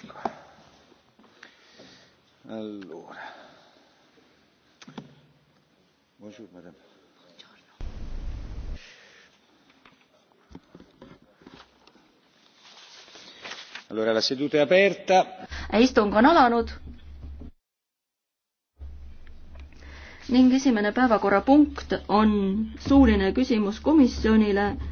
Allora. Allora. Buongiorno, madame. Buongiorno. Allora, la seduta è aperta. Istung on alanud. ning esimene päevakorrapunkt on suuline küsimus komisjonile